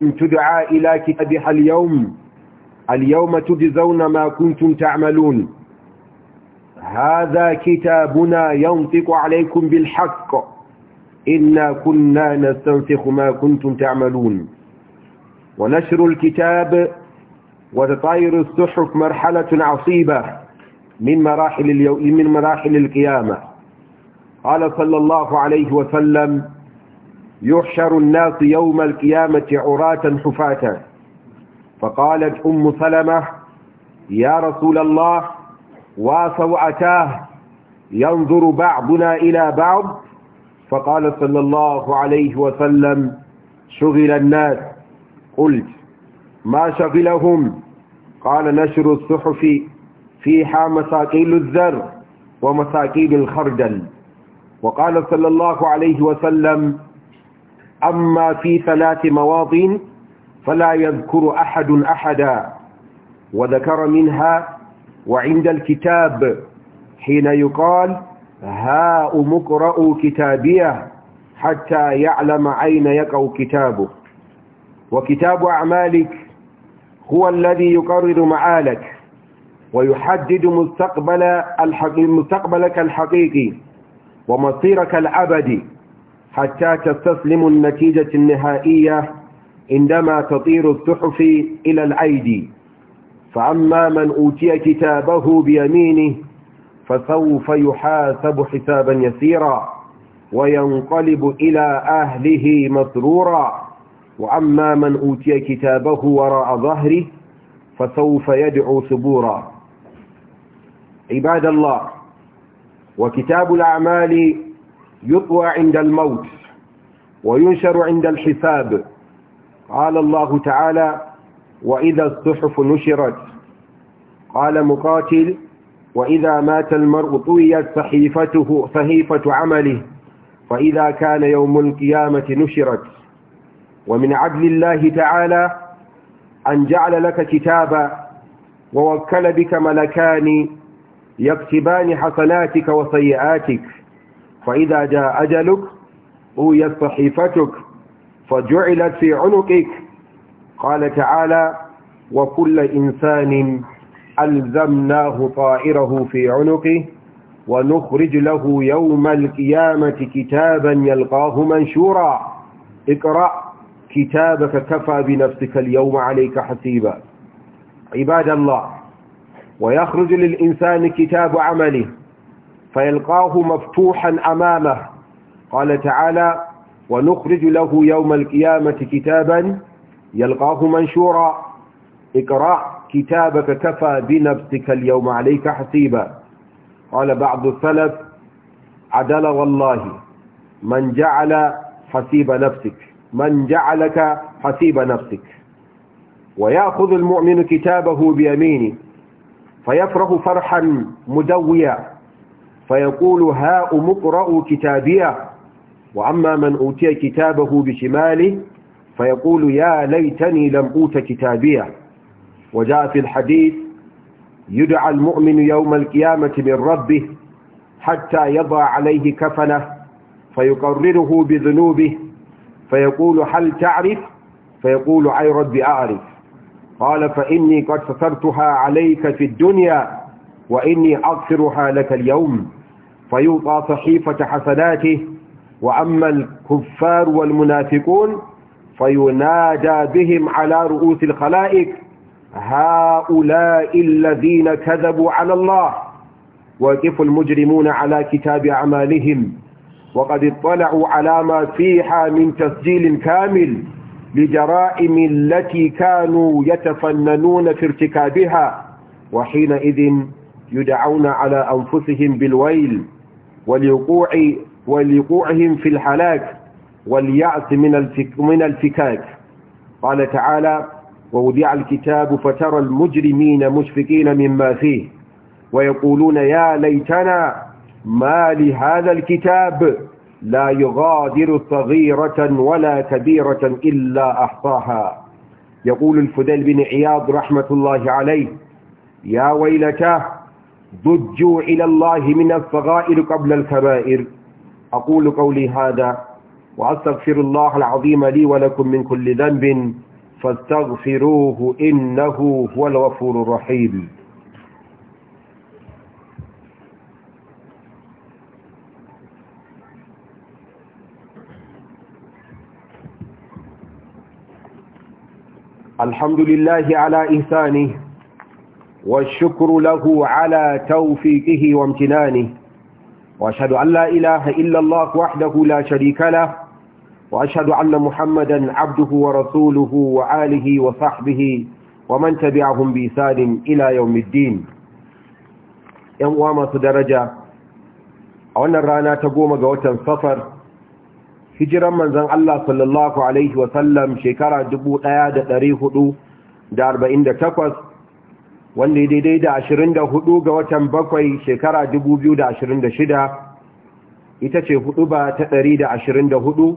تدعى إلى كتابها اليوم اليوم تجزون ما كنتم تعملون هذا كتابنا ينطق عليكم بالحق إنا كنا نستنسخ ما كنتم تعملون ونشر الكتاب وتطاير الصحف مرحلة عصيبة من مراحل, اليو... من مراحل القيامة قال صلى الله عليه وسلم يحشر الناس يوم القيامة عراة حفاة فقالت أم سلمة يا رسول الله واسوأتاه ينظر بعضنا إلى بعض فقال صلى الله عليه وسلم شغل الناس قلت ما شغلهم قال نشر الصحف فيها مساقيل الذر ومساقيل الخردل وقال صلى الله عليه وسلم أما في ثلاث مواطن فلا يذكر أحد أحدا وذكر منها وعند الكتاب حين يقال هاء مقرأ كتابية حتى يعلم أين يقع كتابه وكتاب أعمالك هو الذي يقرر معالك ويحدد مستقبل الحقيقي مستقبلك الحقيقي ومصيرك الأبدي حتى تستسلم النتيجة النهائية عندما تطير التحف إلى الأيدي فأما من أوتي كتابه بيمينه فسوف يحاسب حسابا يسيرا وينقلب إلى أهله مسرورا وأما من أوتي كتابه وراء ظهره فسوف يدعو ثبورا عباد الله وكتاب الأعمال يطوى عند الموت وينشر عند الحساب قال الله تعالى وإذا الصحف نشرت قال مقاتل وإذا مات المرء طويت صحيفته صحيفة عمله فإذا كان يوم القيامة نشرت ومن عدل الله تعالى أن جعل لك كتابا ووكل بك ملكان يكتبان حسناتك وسيئاتك فإذا جاء أجلك أويت صحيفتك فجعلت في عنقك قال تعالى وكل إنسان ألزمناه طائره في عنقه ونخرج له يوم القيامة كتابا يلقاه منشورا اقرأ كتابك كفى بنفسك اليوم عليك حسيبا عباد الله ويخرج للإنسان كتاب عمله فيلقاه مفتوحا أمامه قال تعالى ونخرج له يوم القيامة كتابا يلقاه منشورا اقرأ كتابك كفى بنفسك اليوم عليك حسيبا قال بعض السلف عدل والله من جعل حسيب نفسك من جعلك حسيب نفسك ويأخذ المؤمن كتابه بيمينه فيفرح فرحا مدويا فيقول هاء مقرأ كتابية وأما من أوتي كتابه بشماله فيقول يا ليتني لم أوت كتابية وجاء في الحديث يدعى المؤمن يوم القيامة من ربه حتى يضع عليه كفنه فيقرره بذنوبه فيقول هل تعرف فيقول أي رب أعرف قال فإني قد سترتها عليك في الدنيا وإني أغفرها لك اليوم فيوطى صحيفة حسناته وأما الكفار والمنافقون فينادى بهم على رؤوس الخلائق هؤلاء الذين كذبوا على الله وقف المجرمون على كتاب أعمالهم وقد اطلعوا على ما فيها من تسجيل كامل لجرائم التي كانوا يتفننون في ارتكابها وحينئذ يدعون على أنفسهم بالويل ولوقوع ولوقوعهم في الحلاك واليأس من الفك من الفكاك قال تعالى ووضع الكتاب فترى المجرمين مشفقين مما فيه ويقولون يا ليتنا ما لهذا الكتاب لا يغادر صغيرة ولا كبيرة إلا أحصاها يقول الفديل بن عياض رحمة الله عليه يا ويلتاه ضجوا إلى الله من الصغائر قبل الكبائر أقول قولي هذا وأستغفر الله العظيم لي ولكم من كل ذنب فاستغفروه إنه هو الغفور الرحيم الحمد لله على إحسانه والشكر له على توفيقه وامتنانه وأشهد أن لا إله إلا الله وحده لا شريك له وأشهد أن محمدا عبده ورسوله وآله وصحبه ومن تبعهم بإسان إلى يوم الدين ينوام درجة أولا رانا تقوم قوتا صفر hijiran manzan Allah sallallahu Alaihi wasallam shekara 1448 wanda ya daidai da 24 ga watan bakwai shekara 2026 ita ce hudu ba ta 124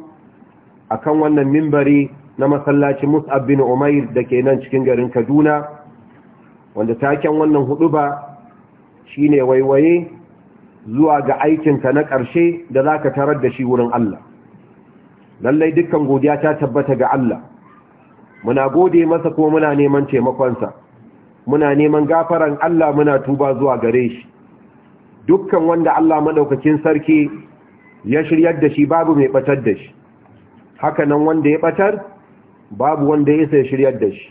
a kan wannan mimbari na masallaci mus'ab bin umair da ke nan cikin garin kaduna wanda taken wannan hudu ba shi ne waiwaye zuwa ga aikinka na ƙarshe da za ka tarar da shi wurin Allah lallai dukkan godiya ta tabbata ga Allah muna gode masa ko muna neman taimakonsa muna neman gafaran Allah muna tuba zuwa gare shi dukkan wanda Allah madaukakin sarki ya shiryar da shi babu mai batar da shi haka nan wanda ya batar babu wanda ya sai shiryar da shi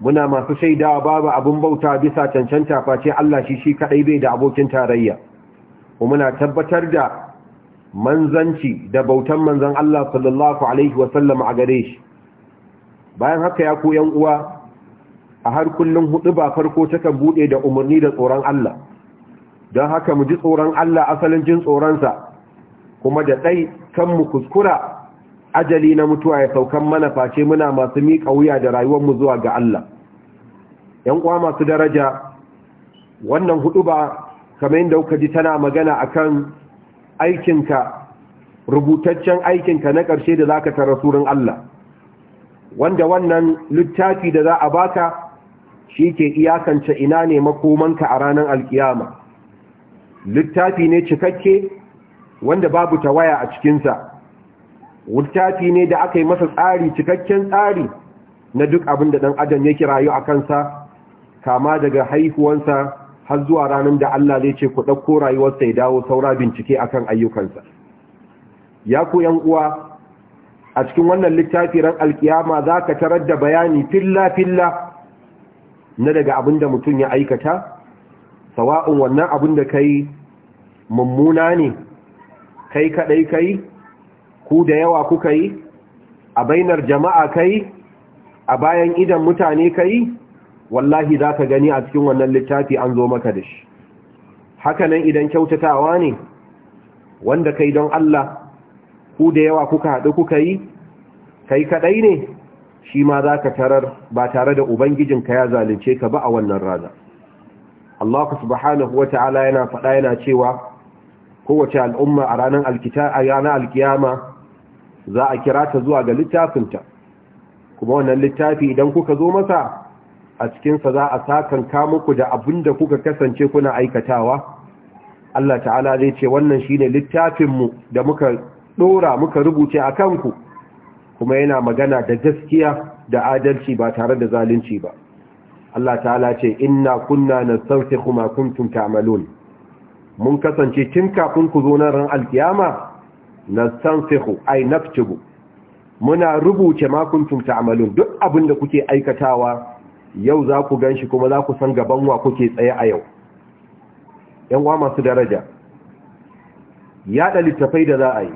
muna masu shaidawa babu abin bauta bisa cancanta face Allah shi shi kadai bai da abokin tarayya muna tabbatar da manzanci da bautan manzon Allah sallallahu alaihi wasallam a gare shi bayan haka ya koyan uwa a har kullum hudu ba farko takan bude da umarni da tsoron Allah don haka mu ji tsoron Allah asalin jin tsoronsa kuma da tsai kan mu kuskura ajali na mutuwa ya saukan mana face muna masu miƙa wuya da rayuwar mu zuwa ga Allah ‘yan kwa masu daraja wannan hudu ba kamar yadda kuka ji tana magana akan aikinka rubutaccen aikinka na ƙarshe da za ka tara surun Allah wanda wannan littafi da za a baka shi ke iyakance ina ne makomanka a ranar alkiyama littafi ne cikakke wanda babu tawaya a cikinsa littafi ne da aka yi masa tsari cikakken tsari na duk abin da ɗan adam yake rayu a kansa kama daga haihuwansa har zuwa ranar da Allah zai ce ku ɗauko rayuwarsa ya dawo saura bincike a kan ayyukansa ya ku yan uwa a cikin wannan littafi ran alkiyama za ka tarar da bayani filla-filla na daga abin da mutum ya aikata sawa'un wannan abin da kai mummuna ne kai kaɗai kai ku da yawa kuka yi a bainar jama'a kai a bayan idan mutane kai wallahi za ka gani a cikin wannan littafi an zo maka da shi hakanan idan kyautatawa ne wanda kai don Allah ku da yawa kuka haɗu kuka yi kai kaɗai ne shi ma za ka tarar ba tare da ubangijinka ya zalunce ka ba a wannan rana Allah subhanahu wa ta'ala yana faɗa yana cewa kowace al'umma a ranar alkiyama za a kira ta zuwa ga littafinta kuma wannan littafi idan kuka zo masa a cikinsa za a sakanka ku da abin da kuka kasance kuna aikatawa Allah ta'ala zai ce wannan shi ne littafinmu da muka ɗora muka rubuce a kanku kuma yana magana da gaskiya da adalci ba tare da zalunci ba Allah ta'ala ce inna kunna nastaghfiru ma kuntum ta'malun mun kasance tun kafin ku zo nan ran alkiyama nastaghfiru ay naktubu muna rubuce ma kuntum ta'malun duk abin da kuke aikatawa yau za ku ganshi kuma za ku san gaban wa kuke tsaye a yau yan uwa masu daraja Yaɗa littattafai da za a yi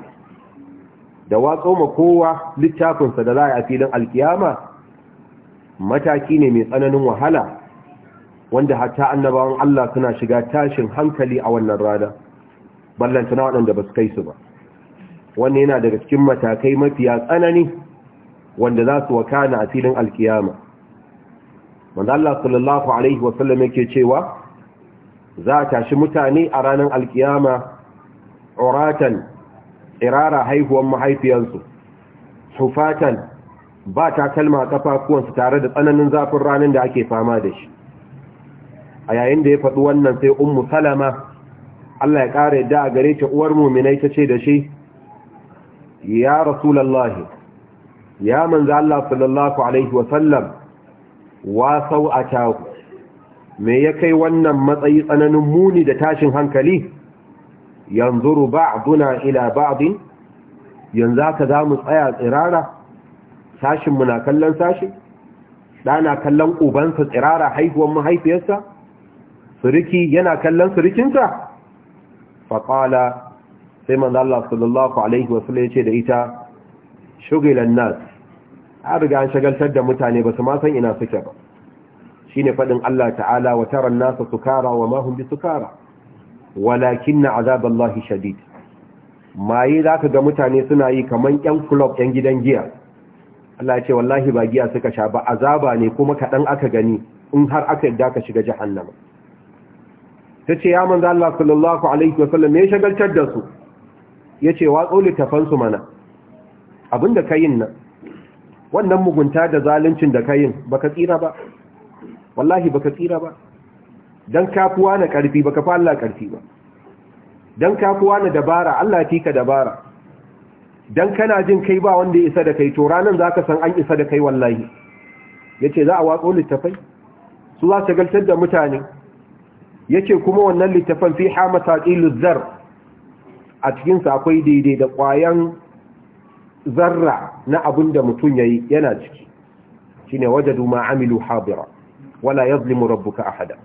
da watso ma kowa littafinsa da za a filin alkiyama mataki ne mai tsananin wahala wanda hatta annabawan Allah suna shiga tashin hankali a wannan rana ballantana waɗanda ba su kai su ba wannan yana daga cikin matakai mafiya tsanani wanda za su wakana a filin alkiyama wanda Allah sallallahu alaihi wasallam yake cewa za a tashi mutane a ranar alkiyama uratan irara haihuwan mahaifiyansu Fatan ba ta kalma kafafuwansu tare da tsananin zafin ranar da ake fama da shi a yayin da ya faɗi wannan sai ummu salama Allah ya ƙara yadda a gare ta uwar muminai ta ce da shi ya Rasulallah, ya manzo Allah sallallahu alaihi wasallam wa a taku me ya kai wannan matsayi tsananin muni da tashin hankali yanzuru ba'duna ila ba'din yanzu haka za mu tsaya tsirara sashinmu na kallon sashi ɗana kallon ubansa tsirara haihuwan mahaifiyarsa suriki yana kallon surikinsa faƙala sai manzo Allah sallallahu alaihi wasallam ya ce da ita shugilan nas an riga an shagaltar da mutane ba su ma san ina suke ba shine faɗin Allah ta'ala wa taran nasa sukara wa ma hum bisukara walakin na azaballahi shadid maye za ka ga mutane suna yi kamar yan kulob yan gidan giya Allah ce wallahi ba giya suka sha ba azaba ne kuma kaɗan aka gani in har aka yadda ka shiga jahannama ta ce ya manza Allah sallallahu alaihi wasallam ya shagaltar da su Ya ce wa littafan su mana abin ka kayin nan wannan mugunta da zaluncin da kayin baka tsira ba wallahi baka tsira ba Don kafuwa na ba ka fa Allah ƙarfi ba Don kafuwa na dabara Allah ya ka dabara dan kana jin kai ba wanda ya isa da kai to ranar za ka san an isa da kai wallahi Ya ce za a watso littafai su za su galtar da mutane Ya ce kuma wannan littafan fi hamasatiluz zar a cikin sa akwai daidai da ƙwayan zarra na abin da mutum ya yi, yana ciki shine wajadu ma'amilu amilu hadira wala yazlimu rabbuka ahada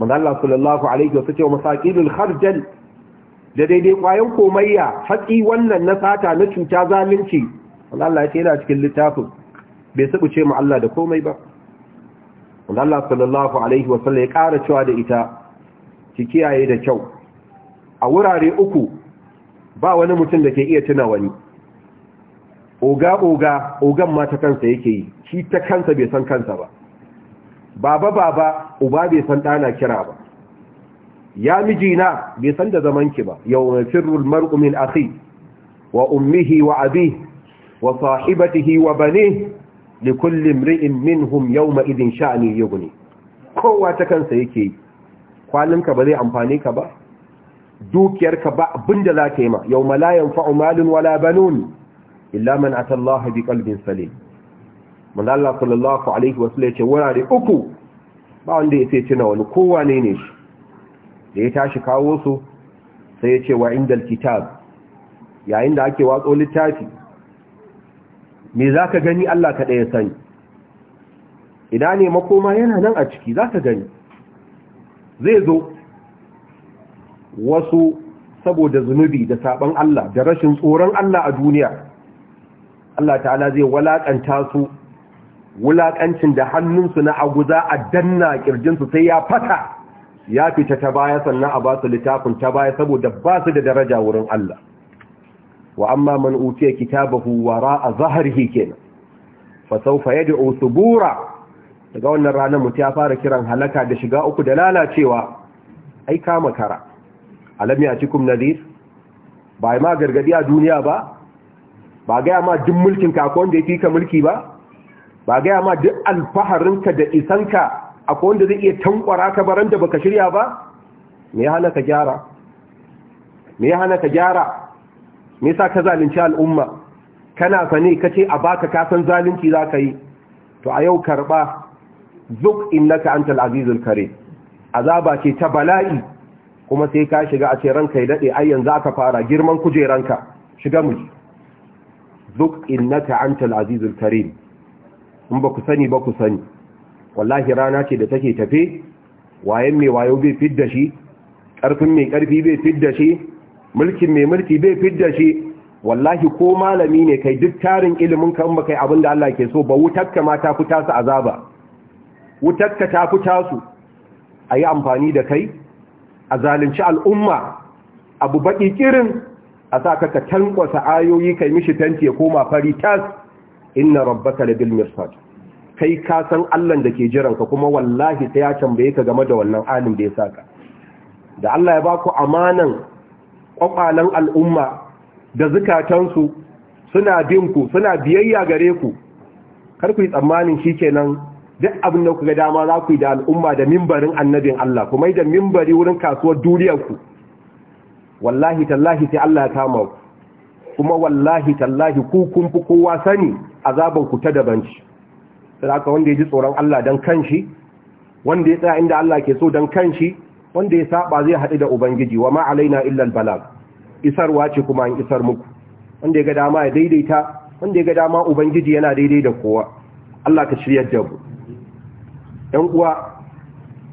Allah sallallahu alaihi wasu cewa masakilul kharjal da daidai kwayan komayya haƙi wannan na sata na cuta zalunci Allah ya yana cikin littafin bai ce mu Allah da komai ba Allah sallallahu alaihi wasallam ya ƙara cewa da ita ki kiyaye da kyau a wurare uku ba wani mutum da ke iya tuna wani oga oga ogan ma ta kansa yake yi shi ta kansa bai san kansa ba baba baba uba bai san ɗana kira ba ya mijina bai san da zamanki ba yau mai firrul mar'u min akhi wa ummihi wa abi wa sahibatihi wa bani li kulli imri'in minhum yawma idin sha'ni yughni kowa ta kansa yake kwalinka ba zai amfani ka ba dukiyarka ba abinda za ka yi ma yawma la yanfa'u malun wala banun illa man ata Allah bi qalbin salim manzo Allah sallallahu alaihi wasallam ce wurare uku ba wanda yace tuna wani kowa ne ne shi da ya tashi kawo su sai ya ce wa indal kitab yayin da ake watso littafi me zaka gani Allah ka ya sani idan ne makoma yana nan a ciki zaka gani zai zo wasu saboda zunubi da saban Allah da rashin tsoron Allah a duniya Allah ta'ala zai walakanta su Wulaƙancin da hannunsu na aguza a danna kirjinsu sai ya fata ya fita ta baya sannan a basu littafin ta baya saboda ba su da daraja wurin Allah wa amma man utiya kitabahu a zahrihi kenan fa yadda osu bura daga wannan ranar mutu ya fara kiran halaka da shiga uku da lalacewa ai kama kara alam ya cikum nadir ba ma gargadi a duniya ba ba gaya ma duk mulkin kakon da ya fi ka mulki ba ba gaya ma duk alfaharinka da isanka akwai wanda zai iya tankwara ka baran da baka shirya ba me ya hana ka gyara me ya hana ka gyara me yasa ka zalunci al'umma kana fane kace a baka kasan zalunci zaka yi to a yau karba zuk innaka antal azizul karim azaba ce ta bala'i kuma sai ka shiga a ce ranka ya dade ai yanzu aka fara girman kujeranka shiga mu zuk innaka antal azizul karim in ba ku sani ba ku sani wallahi rana ce da take tafe wayan mai wayo bai fidda shi ƙarfin mai ƙarfi bai fidda shi mulkin mai mulki bai fidda shi wallahi ko malami ne kai duk tarin ilimin ka in kai abin da Allah ke so ba wutakka ma ta fita su azaba wutakka ta fita su a yi amfani da kai a zalunci al'umma abu baƙi kirin a sa ka tankwasa ayoyi kai mishi tanti ya koma fari tas inna rabbaka labil mirsad kai ka san Allah da ke jiran ka, kuma wallahi ta ya tambaye ka game da wannan alim da ya saka da Allah ya ba ku amanan kwakwalan al'umma da zukatansu suna bin ku suna biyayya gare ku kar ku yi tsammanin shikenan duk abin da ga dama za ku yi da al'umma da mimbarin annabin Allah kuma da mimbari wurin kasuwar duniyar ku wallahi tallahi sai Allah ya kama ku kuma wallahi tallahi ku kun fi kowa sani azaban ku ta daban ci saboda wanda ya ji tsoron Allah dan kanshi wanda ya tsaya inda Allah ke so dan kanshi wanda ya saba zai haɗu da ubangiji wa ma alaina illa albalag isarwa ce kuma an isar muku wanda ya ga dama ya daidaita wanda ya ga dama ubangiji yana daidai da kowa Allah ka shiryar da mu ɗan uwa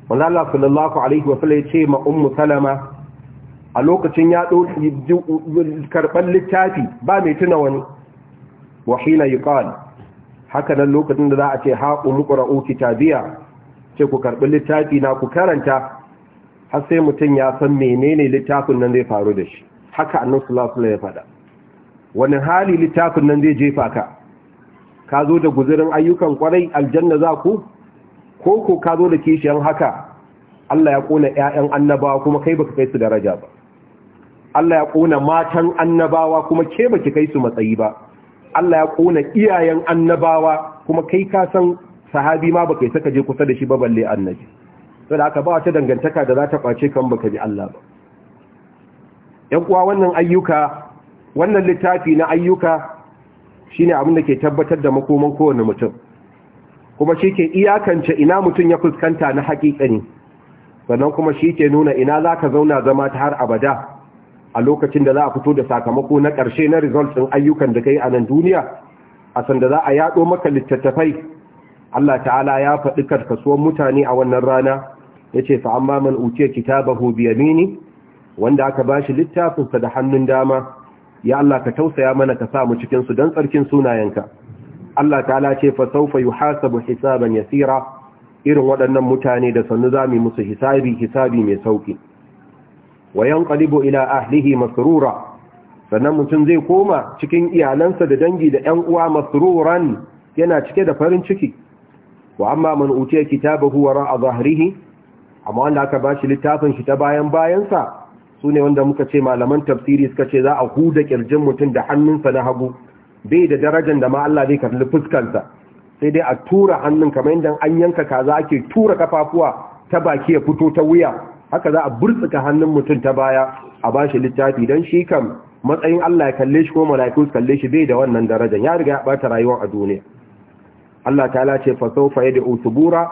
wanda Allah sallallahu alaihi wa sallam ya ce ma ummu salama a lokacin ya ɗauki karɓar littafi ba mai tuna wani wahina yi ƙawani. haka nan lokacin da za a ce haƙo ta biya, ce ku karɓi littafi na ku karanta har sai mutum ya san menene littafin nan zai faru da shi haka annan sulasula ya faɗa wani hali littafin nan zai jefa ka ka zo da guzurin ayyukan kwarai aljanna za ku ko ko ka zo da kishiyan haka Allah ya ƙona 'ya'yan annabawa kuma kai baka kai su daraja ba Allah ya ƙona matan annabawa kuma ke baki kai su matsayi ba Allah ya ƙona iyayen annabawa kuma kai ka san sahabi ma baka saka je kusa da shi ba balle annabi saboda haka ba wata dangantaka da za ta kwace kan baka ji Allah ba yan uwa wannan ayyuka wannan littafi na ayyuka shine abin da ke tabbatar da makoman kowane mutum kuma shi ke iyakance ina mutum ya fuskanta na haƙiƙa ne sannan kuma shi ke nuna ina za ka zauna zama ta har abada a lokacin da za a fito da sakamako na ƙarshe na result ɗin ayyukan da yi a nan duniya a sanda za a yaɗo maka littattafai Allah ta'ala ya faɗi karkasuwan mutane a wannan rana ya ce fa'amma man uciye kitabahu mini wanda aka ba shi littafinsa da hannun dama ya Allah ka tausaya mana ka samu cikinsu don tsarkin sunayenka Allah ta'ala ce fa saufa yuhasabu hisaban yasira irin waɗannan mutane da sannu za mu yi musu hisabi hisabi mai sauƙi. wa yanqalibu ila ahlihi masrura sannan mutum zai koma cikin iyalansa da dangi da ƴan uwa masruran yana cike da farin ciki wa amma man utiya kitabahu wara zahrihi amma wanda aka bashi littafin shi ta bayan bayansa su ne wanda muka ce malaman tafsiri suka ce za a huda kirjin mutum da hannunsa na hagu bai da darajar da ma Allah zai kalli fuskansa sai dai a tura hannun kamar inda an yanka kaza ake tura kafafuwa ta baki ya fito ta wuya haka za a burtsuka hannun mutum ta baya a ba shi littafi don shi kan matsayin Allah ya kalle shi ko mala'ikus kalle shi bai da wannan darajar ya riga ya bata rayuwar a duniya Allah ta'ala ce fa sawfa yad'u subura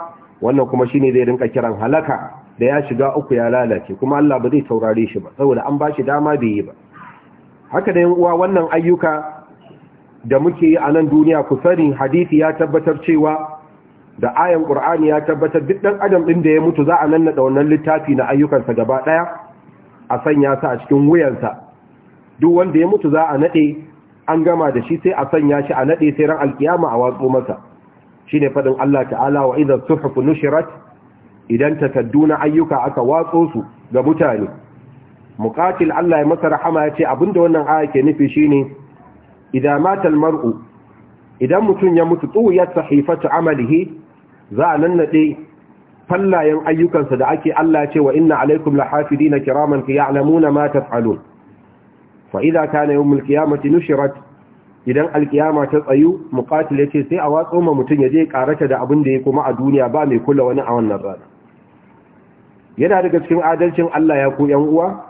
wannan kuma shine zai rinka kiran halaka da ya shiga uku ya lalace kuma Allah ba zai taurare shi ba saboda an ba shi dama bai yi ba haka da yan uwa wannan ayyuka da muke yi a nan duniya ku sani hadisi ya tabbatar cewa da ayan qur'ani ya tabbatar duk dan adam din da ya mutu za a nannada wannan littafi na ayyukansa gaba daya a sanya sa a cikin wuyansa duk wanda ya mutu za a nade an gama da shi sai a sanya shi a nade sai ran alkiyama a watsu masa shine fadin Allah ta'ala wa idza suhufu nushirat idan takadduna ayyuka aka watso su ga mutane muqatil Allah ya masa rahama yace abinda wannan aya ke nufi shine idan matal mar'u idan mutun ya mutu tuwiyat sahifatu amalihi za a nannade fallayen ayyukansa da ake Allah ce wa inna alaikum na kiraman ya'lamuna ma taf'alun fa idza kana yawmul qiyamati nushirat idan alkiyama ta tsayu muqatil yace sai a watso ma mutun yaje karata da abin da yake kuma a duniya ba mai kula wani a wannan rana yana daga cikin adalcin Allah ya ku yan uwa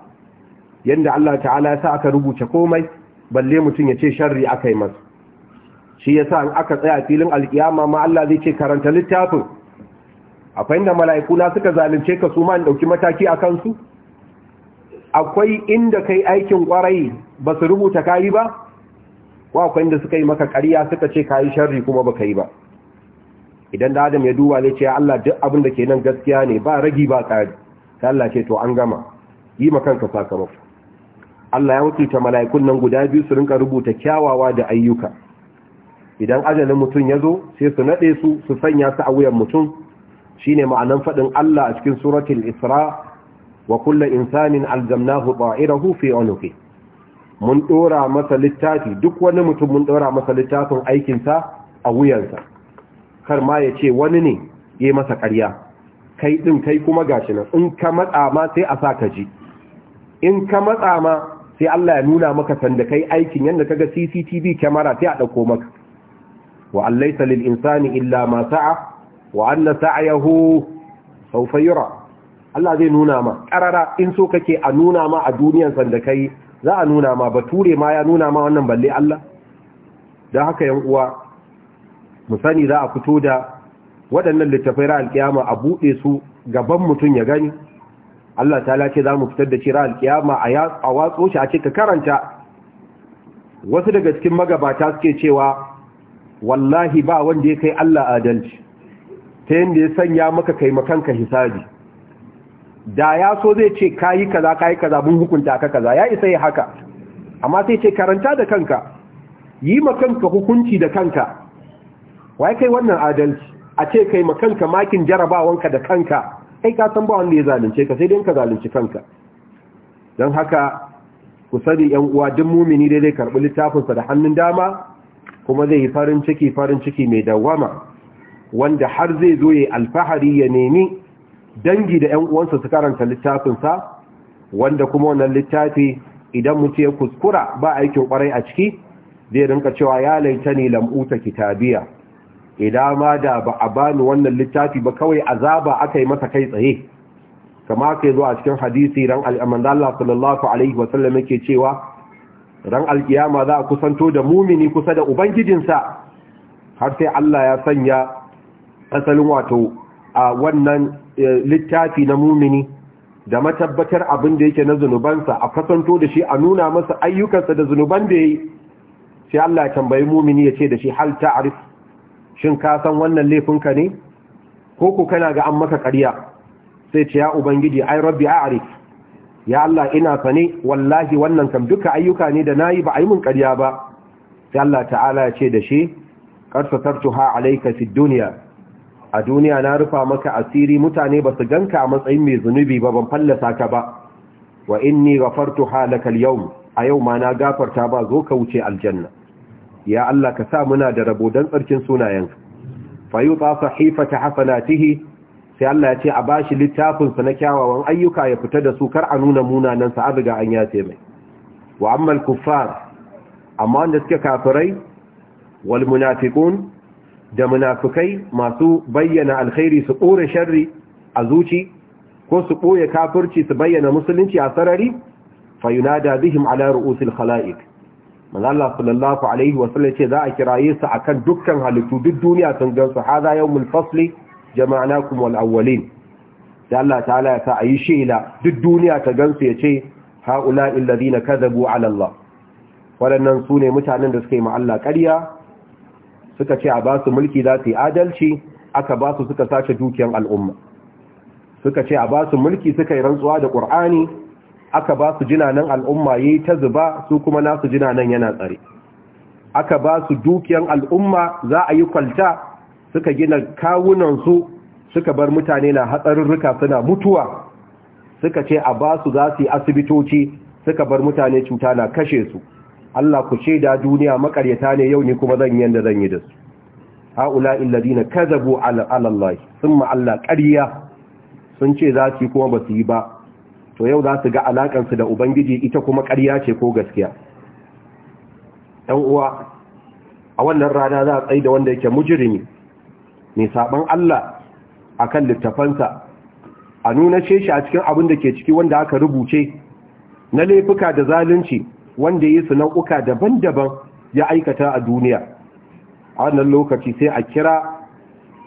yanda Allah ta'ala ya sa aka rubuta komai balle mutun yace sharri akai masa shi yasa in aka tsaya filin alkiyama ma Allah zai ce karanta littafin akwai inda mala'iku na suka zalunce ka su ma in dauki mataki a kansu akwai inda kai aikin kwarai ba su rubuta kai ba ko akwai inda suka yi maka ƙarya suka ce kayi sharri kuma baka yi ba idan da adam ya duba ne ce Allah duk abin da ke nan gaskiya ne ba ragi ba tsari. ta Allah ce to an gama yi kanka sakamako Allah ya wakilta mala'ikun nan guda biyu su rinka rubuta kyawawa da ayyuka idan ajalin mutum ya zo sai su nade su su sanya su a wuyan mutum shine ma'anan faɗin Allah a cikin suratul Isra wa kullu insanin aljamnahu ta'irahu fi unuki mun dora masa littafi duk wani mutum mun dora masa littafin aikinsa a wuyansa kar ma ya ce wani ne yayi masa ƙarya kai din kai kuma gashi nan in ka matsa ma sai a sa ji in ka matsa ma sai Allah ya nuna maka sanda kai aikin yanda kaga CCTV camera sai a dauko maka wa an laysa lil insani illa ma sa'a wa anna sa'yahu sawfa yura Allah zai nuna ma karara in so kake a nuna ma a duniyar san da kai za a nuna ma ture ma ya nuna ma wannan balle Allah dan haka yan uwa mu sani za a fito da waɗannan littafai ra alkiyama a buɗe su gaban mutum ya gani Allah ta ce za mu fitar da ci ra alkiyama a watso shi a ce ka karanta wasu daga cikin magabata suke cewa wallahi ba wanda ya kai Allah adalci ta yadda ya sanya maka kai makanka hisabi da ya so zai ce kayi kaza kayi kaza mun hukunta ka kaza ya isa ya haka amma sai ce karanta da kanka yi makanka hukunci da kanka wai kai wannan adalci a ce kai makanka makin jarabawanka da kanka kai ka san ba wanda ya zalunce ka sai dai ka zalunci kanka don haka ku sani yan uwa duk mumini dai dai karɓi littafinsa da hannun dama kuma zai yi farin ciki farin ciki mai dawama wanda har zai zo ya alfahari ya nemi dangi da ‘yan uwansa su karanta littafinsa wanda kuma wannan littafi idan mutu ya kuskura ba aikin kwarai a ciki zai rinka cewa ya laita ne lam'uta kitabiya idan ma da ba a bani wannan littafi ba kawai azaba aka yi masa kai tsaye kama ka yi zuwa cikin hadisi ran al'amman Allah sallallahu alaihi wasallam yake cewa ran alkiyama za a kusanto da mumini kusa da ubangijinsa har sai Allah ya sanya asalin wato a wannan e, littafi na mumini da matabbatar abin da yake na zunubansa a kasanto da shi a nuna masa ayyukansa da zunuban da yi, sai Allah ya tambayi mumini ya ce da shi hal ta'rif shin ka san wannan laifinka ne ko ku kana ga an maka ƙarya sai ce ya ubangiji ai rabbi a'rif ya Allah ina sane wallahi wannan kam duka ayyuka ne da nayi ba a yi mun ƙarya ba sai Allah ta'ala ya ce da shi qad satartuha alayka fi dunya a duniya na rufa maka asiri mutane ba su ganka a matsayin mai zunubi ba ban fallasa ka ba wa inni ghafartuha lakal yawm a yau ma na gafarta ba zo ka wuce aljanna ya Allah ka sa muna da rabo dan tsarkin sunayenka fayuta sahifata hasanatihi sai Allah ya ce a bashi littafinsa na kyawawan ayyuka ya fita da su kar a nuna munanan sa riga an yace mai wa ammal kuffar amma wanda suke kafirai wal munafiqun da munafikai masu bayyana alkhairi su kore sharri a zuci ko su boye kafirci su bayyana musulunci a sarari fayunada bihim ala ru'usil khalaiq manzo sallallahu alaihi ce za a kiraye su akan dukkan halittu duk duniya sun gansu hada yawmul fasli jama'nakum wal awwalin da Allah ta'ala ya sa ayi shela duk duniya ta gansu ya ce haula illazina kadhabu ala alallah waɗannan su ne mutanen da suka yi ma ƙarya suka ce a ba su mulki za su yi adalci aka ba su suka sace dukiyar al'umma suka ce a ba su mulki suka yi rantsuwa da ƙur'ani aka ba su jinanan al'umma ya yi ta zuba su kuma nasu jinanan yana tsare aka ba su dukiyar al'umma za a yi kwalta suka gina kawunan su suka bar mutane na hatsarurruka suna mutuwa suka ce a ba su za su yi asibitoci suka bar mutane cuta na kashe su Allah ku ce da duniya makaryata ne yau ne kuma zan yi yadda zan yi da su haula illadina kazabu ala Allah thumma Allah ƙarya sun ce za su yi kuma ba su yi ba to yau za su ga alakansu da ubangiji ita kuma ƙarya ce ko gaskiya ɗan uwa a wannan rana za a tsaye da wanda yake mujirimi mai saban Allah a kan littafansa a nuna ce shi a cikin abin da ke ciki wanda aka rubuce na laifuka da zalunci wanda yi su nau'uka daban-daban ya aikata a duniya a wannan lokaci sai a kira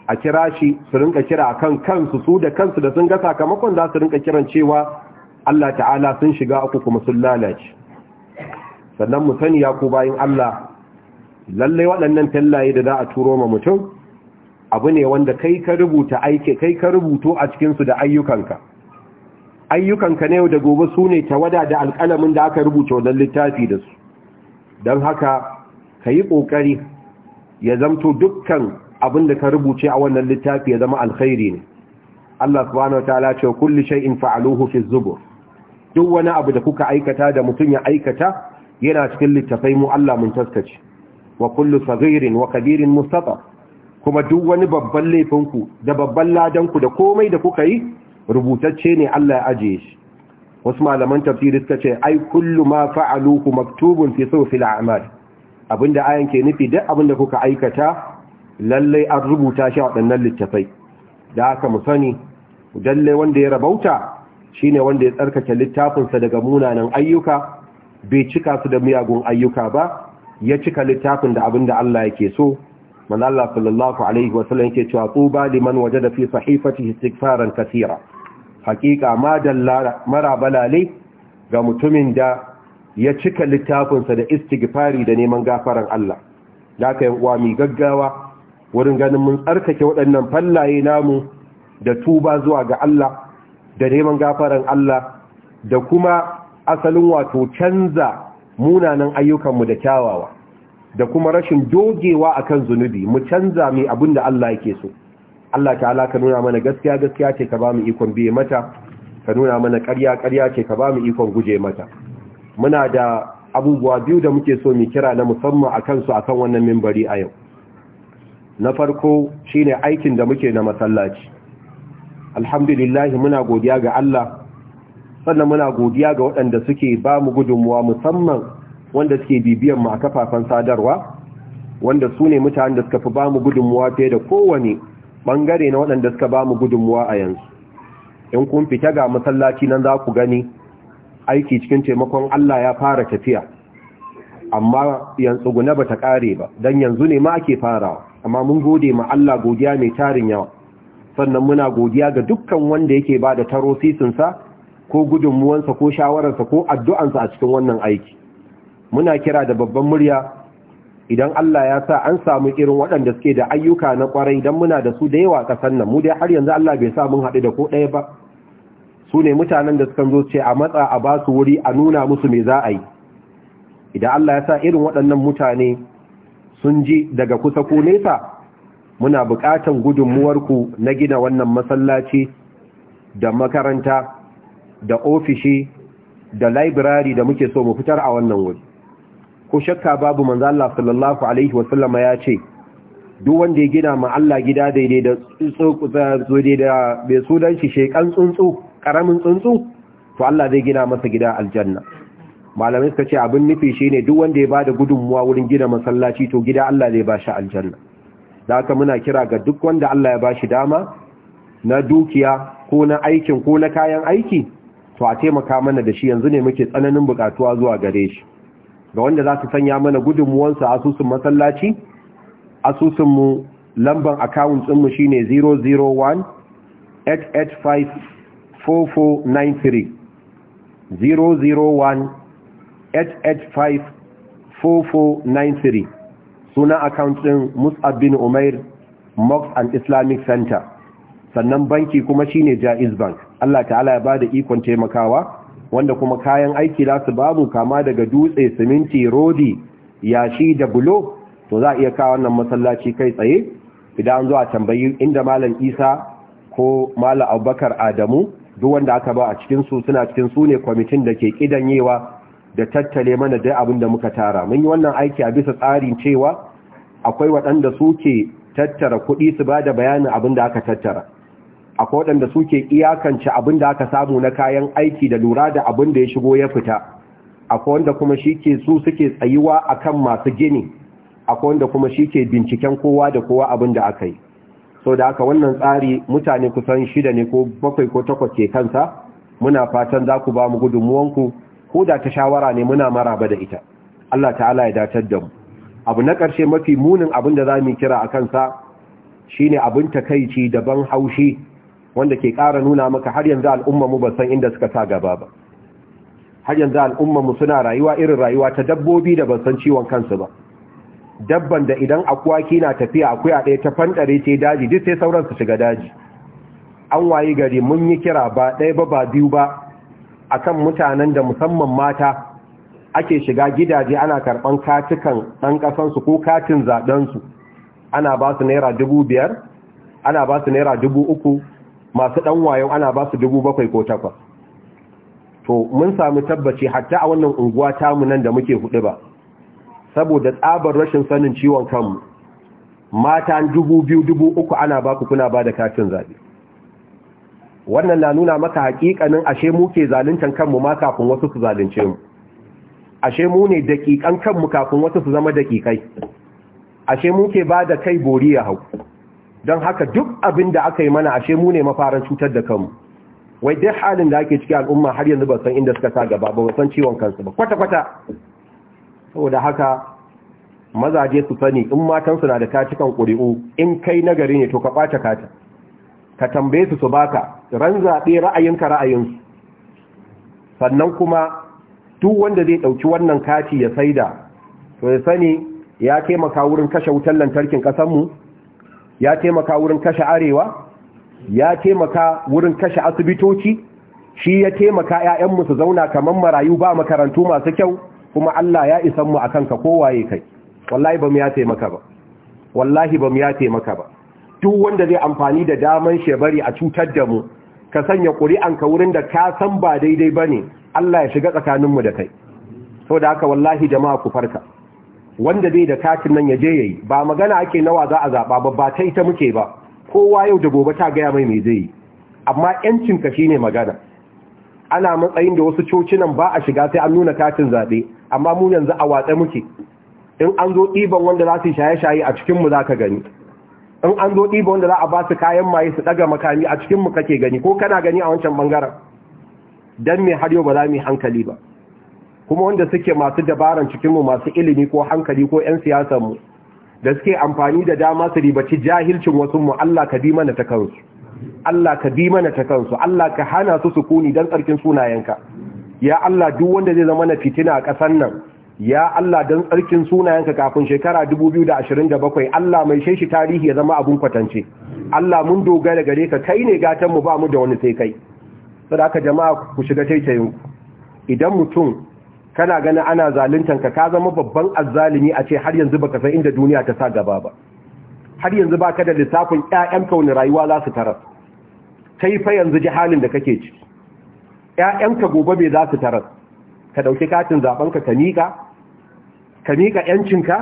a kira shi su rinka kira kan kansu su da kansu da sun ga sakamakon za su rinka kiran cewa Allah ta'ala sun shiga uku kuma sun lalace sannan mu sani ya ku bayin Allah lallai waɗannan tallaye da za a turo ma mutum abu ne wanda kai ka rubuta aike kai ka rubuto a cikinsu da ayyukanka ayyukanka na da gobe su ne wada da alƙalamin da aka rubuta wannan littafi da su don haka ka yi ƙoƙari ya zamto dukkan abin da ka rubuce a wannan littafi ya zama alkhairi ne Allah subhanahu wa ta'ala ce kulli shay'in fa'aluhu fi zubur duk wani abu da kuka aikata da mutum ya aikata yana cikin littafai mu Allah mun taskace wa kullu saghirin wa kabirin mustata kuma duk wani babban laifinku da babban ladanku da komai da kuka yi rubutacce ne Allah ya ajiye shi wasu malaman tafsiri suka ce ai kullu ma fa'aluhu maktubun fi sawfil a'mal abinda ayan ke nufi duk abinda kuka aikata lalle an rubuta shi a waɗannan littafai da haka mu sani dalle wanda ya rabauta shine wanda ya tsarkake littafin sa daga munanan ayyuka bai cika su da miyagun ayyuka ba ya cika littafin da abinda Allah yake so manzo sallallahu alaihi wasallam yake cewa tuba liman wajada fi sahifatihi istighfaran kaseera hakika ma dalla mara balale ga mutumin da ya cika littafinsa da istighfari da neman gafaran Allah da kai wa mi gaggawa wurin ganin mun tsarkake waɗannan fallaye namu da tuba zuwa ga Allah da neman gafaran Allah da kuma asalin wato canza munanan ayyukanmu da kyawawa da kuma rashin dogewa akan zunubi mu canza mai abin da Allah yake so Allah ta'ala ka nuna mana gaskiya gaskiya ce ka ba mu ikon biye mata ka nuna mana ƙarya ƙarya ce ka ba mu ikon guje mata muna da abubuwa biyu da muke so mu kira na musamman kansu a akan wannan mimbari a yau na farko shine aikin da muke na masallaci Alhamdulillahi muna godiya ga Allah sannan muna godiya ga waɗanda suke ba mu gudunmuwa musamman wanda suke bibiyan mu a kafafen sadarwa wanda su ne mutanen da suka fi bamu gudunmuwa fiye da kowane bangare na waɗanda suka bamu gudunmuwa a yanzu in kun fita ga masallaci nan za ku gani aiki cikin taimakon Allah ya fara tafiya amma yanzu guna ta kare ba dan yanzu ne ma ake farawa amma mun gode ma Allah godiya mai tarin yawa sannan muna godiya ga dukkan wanda yake ba da taro sisinsa ko gudunmuwansa ko shawararsa ko addu'ansa a cikin wannan aiki muna kira da babban murya idan Allah ya sa an samu irin waɗanda suke da ayyuka na ƙwarai idan muna da su da yawa ƙasar nan mu dai har yanzu Allah bai sa mun haɗu da ko ɗaya ba su ne mutanen da sukan zo ce a matsa a ba su wuri a nuna musu me za a yi idan Allah ya sa irin waɗannan mutane sun ji daga kusa ko nesa muna buƙatan gudunmuwarku na gina wannan masallaci da makaranta da ofishi da laibirari da muke so mu fitar a wannan wuri ko shakka babu manzo Allah sallallahu alaihi wasallama ya ce duk wanda ya gina ma Allah gida daidai da tsuntsu daidai da bai sunan shi shekan tsuntsu karamin tsuntsu to Allah zai gina masa gida aljanna malamai suka ce abin nufi shine duk wanda ya bada gudunmuwa wurin gina masallaci to gida Allah zai shi aljanna da haka muna kira ga duk wanda Allah ya bashi dama na dukiya ko na aikin ko na kayan aiki to a taimaka mana da shi yanzu ne muke tsananin bukatuwa zuwa gare shi ga wanda za su sanya mana gudunmuwansu asusun masallaci asusunmu lamban akawun shi ne 001-885-4493 001 885 suna akawun musab bin umair mox and islamic center sannan banki kuma shi ne jaiz bank allah ta'ala ya ba da ikon taimakawa wanda kuma kayan aiki za su babu kama daga dutse siminti rodi yashi da bulo to za a iya kawo wannan masallaci kai tsaye idan an zo a tambayi inda malam isa ko malam abubakar adamu duk wanda aka ba a cikinsu suna cikin su ne kwamitin da ke kidanyewa da tattale mana dai abin da muka tara mun yi wannan aiki a bisa tsarin cewa akwai waɗanda suke tattara kuɗi su ba da bayanin abin da aka tattara akwai waɗanda suke iyakance abin da aka samu na kayan aiki da lura da abin da ya shigo ya fita akwai wanda kuma shi ke su suke tsayuwa akan masu gini akwai wanda kuma shi ke binciken kowa da kowa abin da aka yi so da aka wannan tsari mutane kusan shida ne ko bakwai ko takwas ke kansa muna fatan za ku ba mu gudunmuwanku ko da ta shawara ne muna maraba da ita Allah ta'ala ya datar da mu abu na ƙarshe mafi munin abin da za mu kira a kansa shine abin takaici daban haushi wanda ke ƙara nuna maka har yanzu al'umma mu ba san inda suka sa gaba ba har yanzu al'umma mu suna rayuwa irin rayuwa ta dabbobi da ban san ciwon kansu ba dabban da idan akwaki na tafiya akuya ɗaya ta fanɗare ce daji duk sai sauran su shiga daji an wayi gari mun yi kira ba ɗaya ba ba biyu ba akan mutanen da musamman mata ake shiga gidaje ana karɓan katukan ɗan ƙasansu ko katin zaɓensu ana ba su naira dubu biyar ana ba su naira dubu uku masu ɗan wayo ana ba su dubu bakwai ko takwas to mun samu tabbaci hatta a wannan unguwa tamu nan da muke hudu ba saboda tsabar rashin sanin ciwon kanmu mata dubu biyu dubu uku ana ba ku kuna ba da katin zaɓe wannan na nuna maka hakikanin ashe mu ke zaluntan kanmu ma kafin wasu su zalunce mu ashe mu ne dakikan kanmu kafin wasu su zama dakikai ashe mu ke ba da kai bori ya hau don haka duk abin da aka yi mana ashe mu ne mafarin cutar da kanmu wai dai halin da ake ciki al'umma har yanzu ba san inda suka sa gaba ba san ciwon kansu ba kwata-kwata saboda haka mazaje su sani in matansu na da kacikan ƙuri'u in kai nagari ne to ka ɓata kata ka tambaye su su baka ran zaɓe ra'ayinka ra'ayinsu sannan kuma duk wanda zai ɗauki wannan kati ya saida to ya sani ya taimaka wurin kashe wutar lantarkin ƙasanmu ya taimaka wurin kashe arewa ya taimaka wurin kashe asibitoci shi ya taimaka ƴaƴanmu su zauna kamar marayu ba makarantu masu kyau kuma Allah ya isan mu akan ka kowaye kai wallahi bamu ya taimaka ba wallahi bamu ya taimaka ba duk wanda zai amfani da daman shebari a cutar da mu ka sanya ƙuri'anka wurin da ka san ba daidai bane Allah ya shiga tsakaninmu da kai saboda haka wallahi jama'a ku farka wanda bai da katin nan ya je yayi ba magana ake nawa za a zaba ba ba ta ita muke ba kowa yau da gobe ta gaya mai mai zai yi amma yancin ka ne magana ana matsayin da wasu cocinan ba a shiga sai an nuna katin zabe amma mu yanzu a watsa muke in an zo ɗiban wanda za su shaye-shaye a cikin mu zaka gani in an zo ɗiban wanda za a ba su kayan maye su ɗaga makami a cikinmu kake gani ko kana gani a wancan ɓangaren Dan me har yau ba za mu yi hankali ba kuma wanda suke masu dabaran cikinmu masu ilimi ko hankali ko 'yan siyasanmu da suke amfani da dama su ribaci jahilcin wasunmu Allah ka bi mana ta kansu Allah ka bi mana ta kansu Allah ka hana su sukuni don tsarkin sunayenka ya Allah duk wanda zai zama na fitina a ƙasar nan ya Allah don tsarkin sunayenka kafin shekara 2027 Allah mai shi tarihi ya zama abun kwatance Allah mun dogara gare ka kai ne gatan ba mu da wani sai kai jama'a ku shiga taitayin idan mutum kana ganin ana zalintan ka ka zama babban azzalimi a ce har yanzu baka san inda duniya ta sa gaba ba har yanzu baka da lissafin ƴaƴan kauni rayuwa za su tarar kai fa yanzu ji halin da kake ciki ƴaƴan ka gobe me za su taras ka dauki katin zaben ka ka mika ka mika yancin ka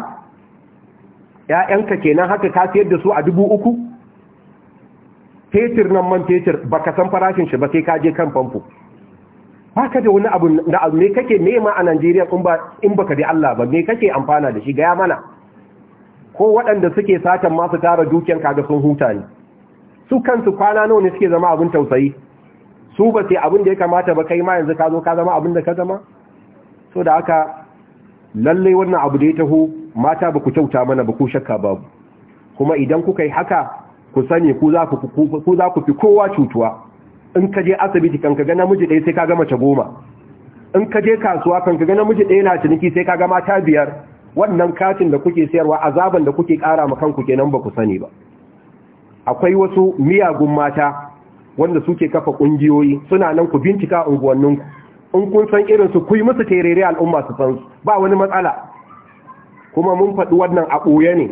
ƴaƴan ka kenan haka ka sayar da su a dubu uku fetur nan man fetur baka san farashin shi ba sai ka je kan famfo haka da wani abu da abu ne kake nema a Najeriya in ba ka baka da Allah ba ne kake amfana da shi gaya mana ko waɗanda suke satan masu tara dukiyar kaga sun huta ne su kansu kwana nawa ne suke zama abin tausayi su ba sai abin da ya kamata ba kai ma yanzu ka zo ka zama abin da ka zama so da haka lallai wannan abu da ya taho mata ba ku kyauta mana ba ku shakka ba kuma idan kuka yi haka ku sani ku za ku fi kowa cutuwa in ka je asibiti kan ka ga namiji ɗaya sai ka ga mace goma in ka je kasuwa kan ka ga namiji ɗaya na ciniki sai ka ga mata biyar wannan katin da kuke sayarwa azaban da kuke ƙara ma kanku kenan ba ku sani ba akwai wasu miyagun mata wanda suke kafa ƙungiyoyi suna nan ku bincika unguwannin ku in kun san irin su ku yi musu tarere al'umma su san su ba wani matsala kuma mun faɗi wannan a ɓoye ne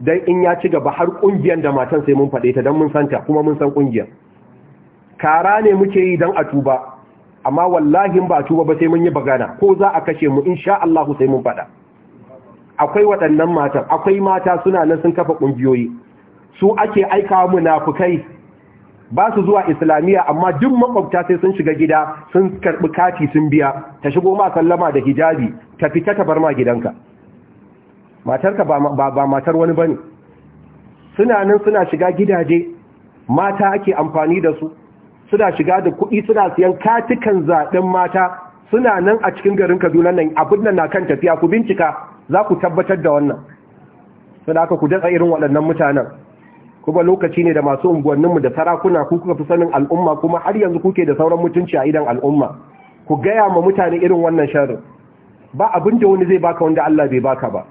don in ya ci gaba har ƙungiyar da matan sai mun faɗe ta don mun santa kuma mun san ƙungiyar tara ne muke yi don a tuba amma wallahin ba tuba ba sai mun yi bagana ko za a kashe mu insha Allah sai mun fada akwai waɗannan matan akwai mata suna nan sun kafa ƙungiyoyi su ake aika munafukai ba su zuwa islamiyya amma duk makwabta sai sun shiga gida sun karbi kati sun biya ta shigo ma sallama da hijabi ta fita ta bar ma gidanka matarka ba ba matar wani bane suna nan suna shiga gidaje mata ake amfani da su suna shiga da kuɗi suna siyan katikan zaɓen mata suna nan a cikin garin kaduna nan abin nan na kan tafiya ku bincika za ku tabbatar da wannan Suna aka ku datsa irin waɗannan mutanen kuma lokaci ne da masu unguwanninmu da sarakuna ku kuka fi sanin al'umma kuma har yanzu kuke da sauran mutunci a idan al'umma ku gaya ma mutane irin wannan sharrin ba abin da wani zai baka wanda Allah bai baka ba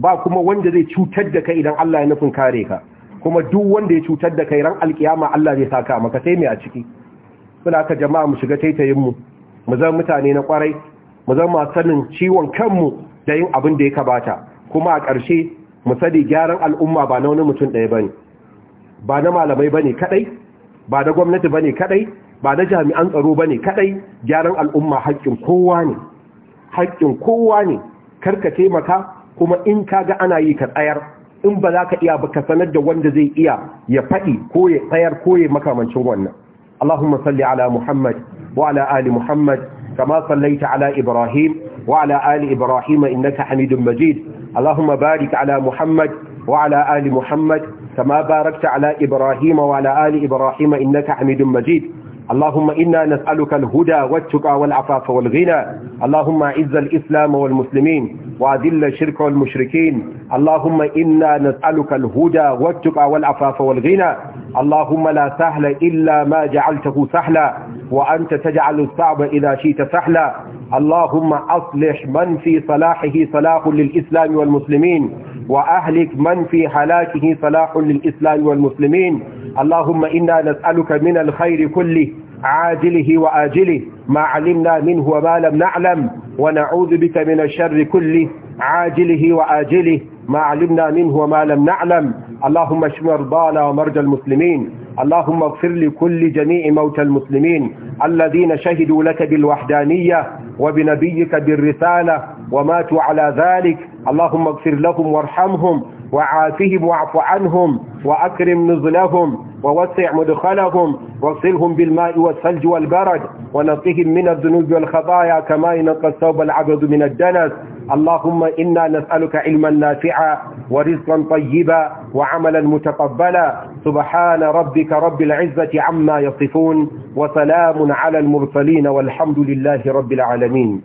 ba kuma wanda zai cutar da kai idan Allah ya nufin kare ka kuma duk wanda ya cutar da kai ran alkiyama Allah zai saka maka sai mai a ciki suna ka jama'a mu shiga taitayin mu mu zama mutane na kwarai mu zama sanin ciwon kanmu da yin abin da ya kabata kuma a ƙarshe mu sani gyaran al'umma ba na wani mutum ɗaya bane ba na malamai bane kadai ba na gwamnati bane kadai ba na jami'an tsaro bane kadai gyaran al'umma haƙƙin kowa ne haƙƙin kowa ne karka taimaka kuma in kaga ana yi ka tsayar in ba za ka iya ba ka sanar da wanda zai iya ya faɗi ko ya tsayar ko ya makamancin wannan Allahumma salli ala Muhammad wa ala ali Muhammad kama sallaita ala Ibrahim wa ala ali Ibrahim innaka Hamidum Majid Allahumma barik ala Muhammad wa ala ali Muhammad kama barakta ala Ibrahim wa ala ali Ibrahim innaka Hamidum Majid اللهم إنا نسألك الهدى والتقى والعفاف والغنى اللهم عز الإسلام والمسلمين وأذل الشرك والمشركين اللهم إنا نسألك الهدى والتقى والعفاف والغنى اللهم لا سهل إلا ما جعلته سهلا وأنت تجعل الصعب إذا شئت سهلا اللهم أصلح من في صلاحه صلاح للإسلام والمسلمين وأهلك من في هلاكه صلاح للإسلام والمسلمين اللهم إنا نسألك من الخير كله عاجله وآجله ما علمنا منه وما لم نعلم ونعوذ بك من الشر كله عاجله وآجله ما علمنا منه وما لم نعلم اللهم اشف مرضانا ومرجى المسلمين اللهم اغفر لكل جميع موتى المسلمين الذين شهدوا لك بالوحدانية وبنبيك بالرسالة وماتوا على ذلك اللهم اغفر لهم وارحمهم وعافهم واعف عنهم وأكرم نزلهم ووسع مدخلهم واغسلهم بالماء والثلج والبرد ونقهم من الذنوب والخطايا كما ينقى الثوب العبد من الدنس اللهم إنا نسألك علما نافعا ورزقا طيبا وعملا متقبلا سبحان ربك رب العزة عما يصفون وسلام على المرسلين والحمد لله رب العالمين